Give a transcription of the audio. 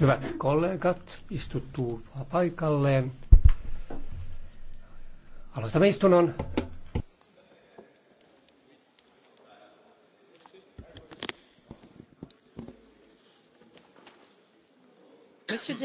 Hyvät kollegat, istuttuu paikalleen. Aloitamme istunnon.